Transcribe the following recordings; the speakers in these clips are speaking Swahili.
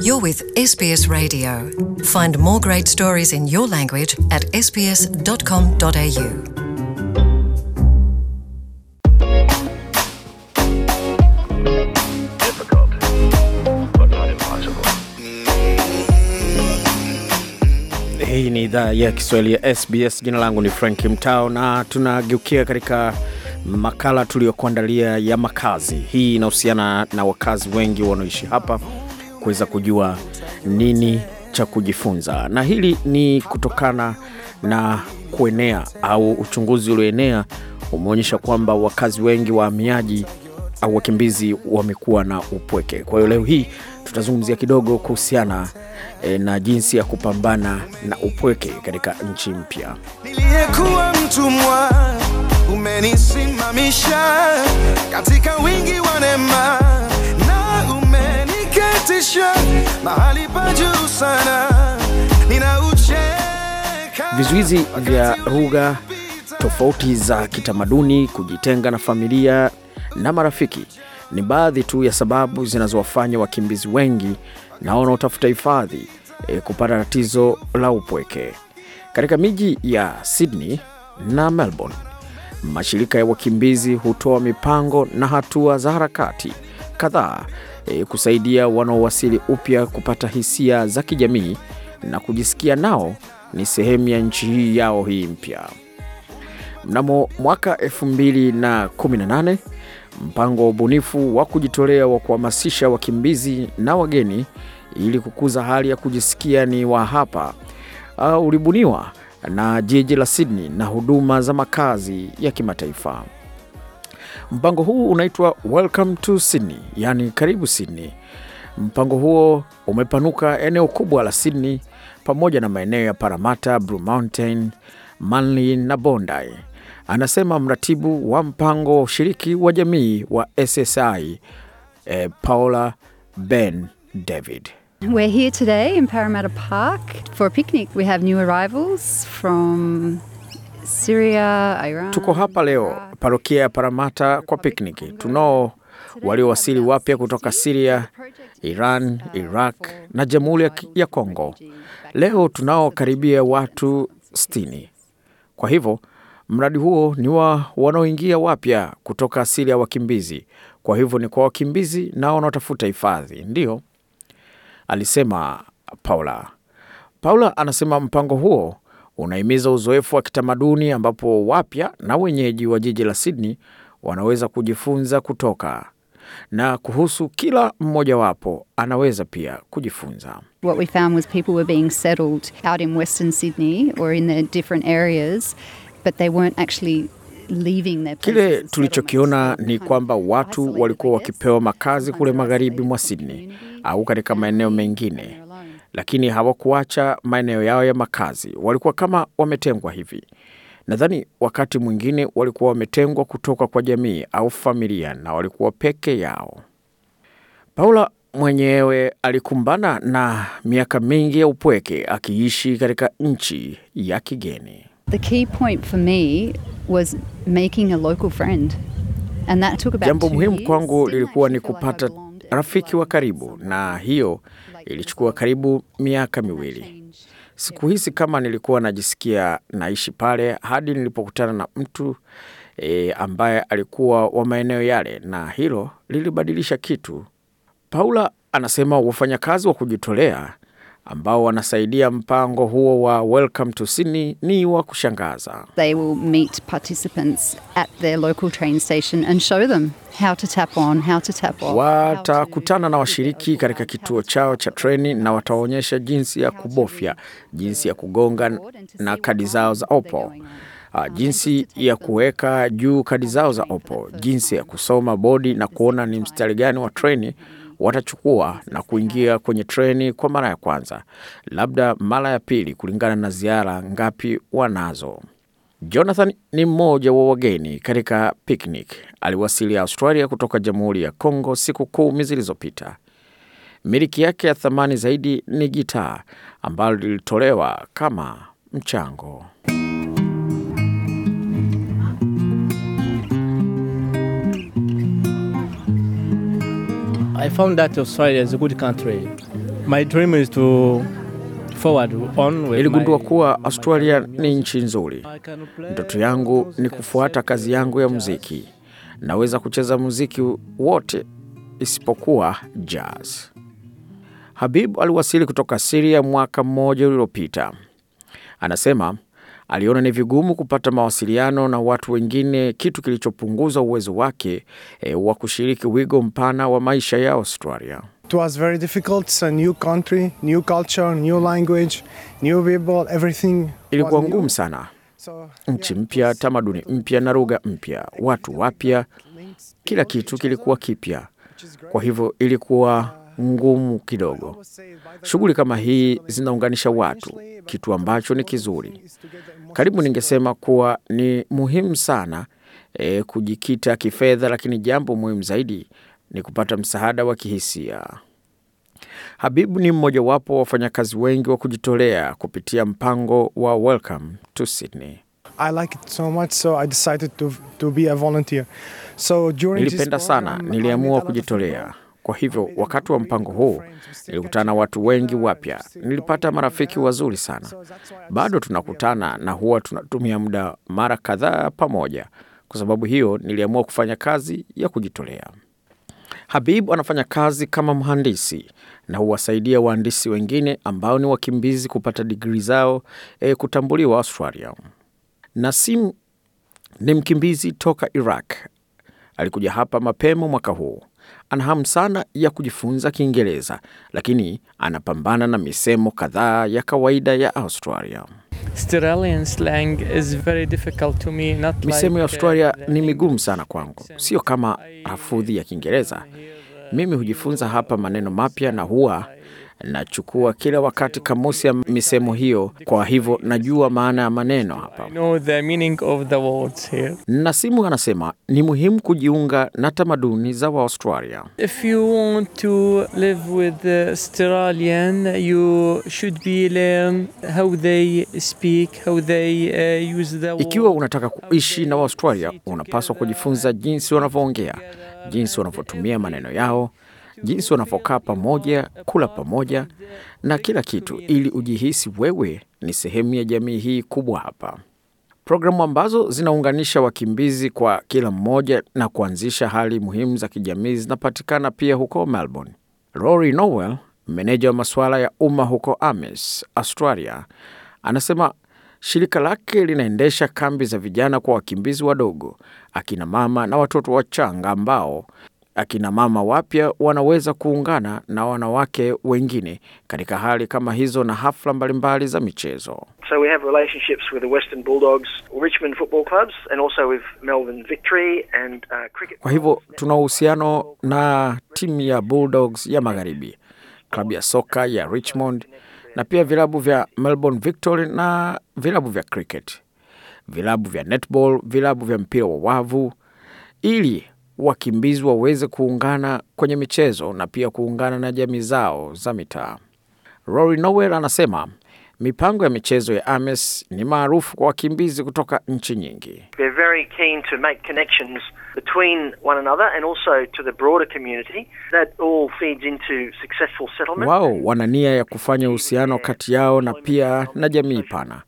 You're with SBS Radio. Find more great stories in your language at sbs.com.au. Hii ni idhaa ya Kiswahili ya SBS. Jina langu ni Frank Mtao na tunageukia katika makala tuliyokuandalia ya makazi. Hii inahusiana na wakazi wengi wanaoishi hapa kuweza kujua nini cha kujifunza, na hili ni kutokana na kuenea au uchunguzi ulioenea umeonyesha kwamba wakazi wengi wahamiaji au wakimbizi wamekuwa na upweke. Kwa hiyo leo hii tutazungumzia kidogo kuhusiana e, na jinsi ya kupambana na upweke katika nchi mpya. Niliyekuwa mtumwa umenisimamisha katika wingi wa neema mahali pa juu sana, ninaucheka. Vizuizi vya lugha, tofauti za kitamaduni, kujitenga na familia na marafiki ni baadhi tu ya sababu zinazowafanya wakimbizi wengi na wanaotafuta hifadhi e, kupata tatizo la upweke. Katika miji ya Sydney na Melbourne, mashirika ya wakimbizi hutoa mipango na hatua za harakati kadhaa e, kusaidia wanaowasili upya kupata hisia za kijamii na kujisikia nao ni sehemu ya nchi hii yao hii mpya. Mnamo mwaka 2018 mpango wa ubunifu wa kujitolea wa kuhamasisha wakimbizi na wageni ili kukuza hali ya kujisikia ni wa hapa uh, ulibuniwa na jiji la Sydney na huduma za makazi ya kimataifa. Mpango huu unaitwa Welcome to Sydney, yaani karibu Sydney. Mpango huo umepanuka eneo kubwa la Sydney pamoja na maeneo ya Parramatta, Blue Mountain, Manly na Bondi, anasema mratibu wa mpango wa ushiriki wa jamii wa SSI eh, Paula Ben David. We're here today in Parramatta Park for a picnic. We have new arrivals from Syria, Iran. Tuko hapa leo parokia ya Paramata kwa pikniki. Tunao waliowasili wapya kutoka Siria, Iran, uh, Iraq na Jamhuri ya Kongo. Leo tunao karibia watu 60. Kwa hivyo mradi huo ni wa wanaoingia wapya kutoka Siria, wakimbizi. Kwa hivyo ni kwa wakimbizi na wanaotafuta hifadhi, ndiyo, alisema Paula. Paula anasema mpango huo unahimiza uzoefu wa kitamaduni ambapo wapya na wenyeji wa jiji la Sydney wanaweza kujifunza kutoka na kuhusu kila mmojawapo anaweza pia kujifunza. What we found was people were being settled out in Western Sydney or in different areas but they weren't actually Kile tulichokiona ni kwamba watu walikuwa wakipewa makazi kule magharibi mwa Sydney au katika maeneo mengine lakini hawakuacha maeneo yao ya makazi, walikuwa kama wametengwa hivi. Nadhani wakati mwingine walikuwa wametengwa kutoka kwa jamii au familia na walikuwa peke yao. Paula mwenyewe alikumbana na miaka mingi ya upweke akiishi katika nchi ya kigeni. Jambo muhimu kwangu lilikuwa ni kupata rafiki wa karibu, na hiyo ilichukua karibu miaka miwili. Sikuhisi kama nilikuwa najisikia naishi pale hadi nilipokutana na mtu e, ambaye alikuwa wa maeneo yale, na hilo lilibadilisha kitu. Paula anasema wafanyakazi wa kujitolea ambao wanasaidia mpango huo wa Welcome to Sydney ni wa kushangaza. They will meet participants at their local train station and show them how to tap on, how to tap off. Watakutana na washiriki katika kituo chao cha treni na wataonyesha jinsi ya kubofya, jinsi ya kugonga na kadi ah, uh, zao za OPO. Uh, jinsi ya kuweka juu kadi zao za OPO, jinsi ya kusoma bodi na kuona ni mstari gani wa treni watachukua na kuingia kwenye treni kwa mara ya kwanza, labda mara ya pili, kulingana na ziara ngapi wanazo. Jonathan ni mmoja wa wageni katika picnic. Aliwasili Australia kutoka Jamhuri ya Kongo siku kumi zilizopita. Miliki yake ya thamani zaidi ni gitaa ambalo lilitolewa kama mchango. I found that Australia is a good country. My dream is to forward on with Iligundua kuwa Australia ni nchi nzuri. Ndoto yangu ni kufuata kazi yangu ya muziki. Naweza kucheza muziki wote isipokuwa jazz. Habib aliwasili kutoka Siria mwaka mmoja uliopita. Anasema aliona ni vigumu kupata mawasiliano na watu wengine, kitu kilichopunguza uwezo wake e, wa kushiriki wigo mpana wa maisha ya Australia. It was very difficult. It's a new country, new culture, new language, new people, everything. Ilikuwa ngumu sana, nchi mpya, tamaduni mpya na lugha mpya, watu wapya, kila kitu kilikuwa kipya. Kwa hivyo ilikuwa uh, ngumu kidogo. Shughuli kama hii zinaunganisha watu, kitu ambacho ni kizuri. Karibu ningesema kuwa ni muhimu sana e, kujikita kifedha, lakini jambo muhimu zaidi ni kupata msaada wa kihisia. Habibu ni mmojawapo wa wafanyakazi wengi wa kujitolea kupitia mpango wa Welcome to Sydney. Nilipenda sana, niliamua kujitolea kwa hivyo wakati wa mpango huu nilikutana watu wengi wapya, nilipata marafiki wazuri sana. Bado tunakutana na huwa tunatumia muda mara kadhaa pamoja. Kwa sababu hiyo, niliamua kufanya kazi ya kujitolea. Habib anafanya kazi kama mhandisi na huwasaidia wahandisi wengine ambao ni wakimbizi kupata digrii zao e, kutambuliwa Australia. Nasim ni mkimbizi toka Iraq. Alikuja hapa mapema mwaka huu ana hamu sana ya kujifunza Kiingereza, lakini anapambana na misemo kadhaa ya kawaida ya Australia. Misemo ya uh, Australia ni migumu sana kwangu, sio kama lafudhi ya Kiingereza. Uh, Mimi hujifunza hapa maneno mapya na huwa nachukua kila wakati kamusi ya misemo hiyo, kwa hivyo najua maana ya maneno hapa. Na simu anasema ni muhimu kujiunga na tamaduni za Waaustralia. Uh, Ikiwa unataka kuishi na Waaustralia, unapaswa kujifunza jinsi wanavyoongea, jinsi wanavyotumia maneno yao jinsi wanavyokaa pamoja, kula pamoja na kila kitu, ili ujihisi wewe ni sehemu ya jamii hii kubwa hapa. Programu ambazo zinaunganisha wakimbizi kwa kila mmoja na kuanzisha hali muhimu za kijamii zinapatikana pia huko Melbourne. Rory Nowell, meneja wa masuala ya umma huko Ames, Australia, anasema shirika lake linaendesha kambi za vijana kwa wakimbizi wadogo, akina mama na watoto wachanga ambao akina mama wapya wanaweza kuungana na wanawake wengine katika hali kama hizo na hafla mbalimbali za michezo. So we have relationships with the Western Bulldogs, Richmond football clubs and also with Melbourne Victory and uh, cricket. Kwa hivyo tuna uhusiano na timu ya Bulldogs ya Magharibi, klabu ya soka ya Richmond na pia vilabu vya Melbourne Victory na vilabu vya cricket, vilabu vya netball, vilabu vya mpira wa wavu ili wakimbizi waweze kuungana kwenye michezo na pia kuungana na jamii zao za mitaa. Rory Nowell anasema mipango ya michezo ya AMES ni maarufu kwa wakimbizi kutoka nchi nyingi. Wao wana nia ya kufanya uhusiano kati yao na pia na jamii pana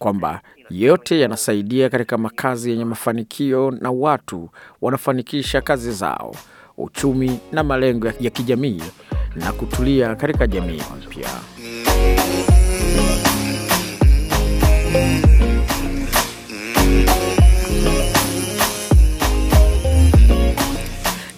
kwamba yote yanasaidia katika makazi yenye mafanikio na watu wanafanikisha kazi zao, uchumi na malengo ya kijamii na kutulia katika jamii mpya.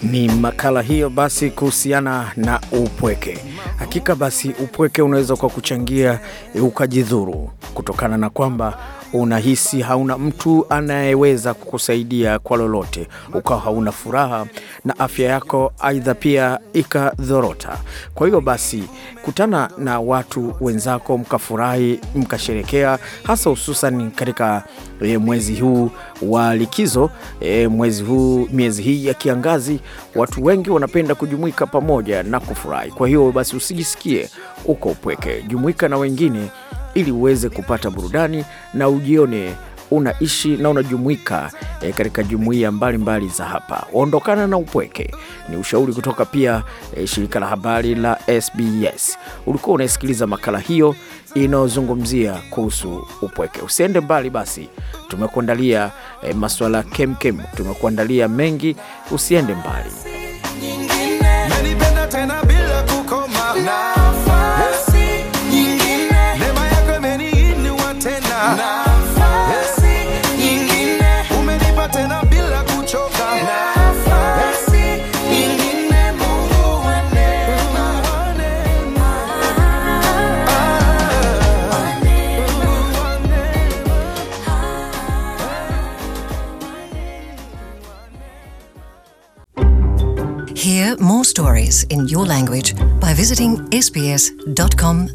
Ni makala hiyo basi kuhusiana na upweke. Hakika basi upweke unaweza kwa kuchangia ukajidhuru kutokana na kwamba unahisi hauna mtu anayeweza kukusaidia kwa lolote, ukawa hauna furaha na afya yako aidha pia ikadhorota. Kwa hiyo basi, kutana na watu wenzako, mkafurahi, mkasherekea, hasa hususan katika e, mwezi huu wa likizo e, mwezi huu, miezi hii ya kiangazi, watu wengi wanapenda kujumuika pamoja na kufurahi. Kwa hiyo basi, usijisikie uko upweke, jumuika na wengine ili uweze kupata burudani na ujione unaishi na unajumuika e, katika jumuiya mbalimbali za hapa. Ondokana na upweke, ni ushauri kutoka pia e, shirika la habari la SBS. Ulikuwa unaisikiliza makala hiyo inayozungumzia kuhusu upweke. Usiende mbali, basi tumekuandalia e, masuala kemkem, tumekuandalia mengi. Usiende mbali. stories in your language by visiting sbs.com.au.